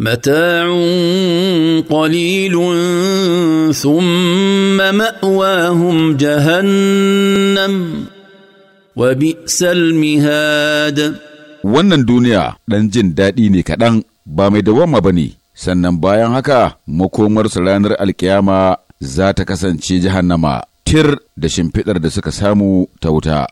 متاع قليل ثم ماواهم جهنم وبئس المهاد wannan duniya ɗan jin daɗi ne kaɗan ba mai dawama ba ne sannan bayan haka makomarsu ranar alkiyama za ta kasance jahannama tir da shimfiɗar da suka samu ta wuta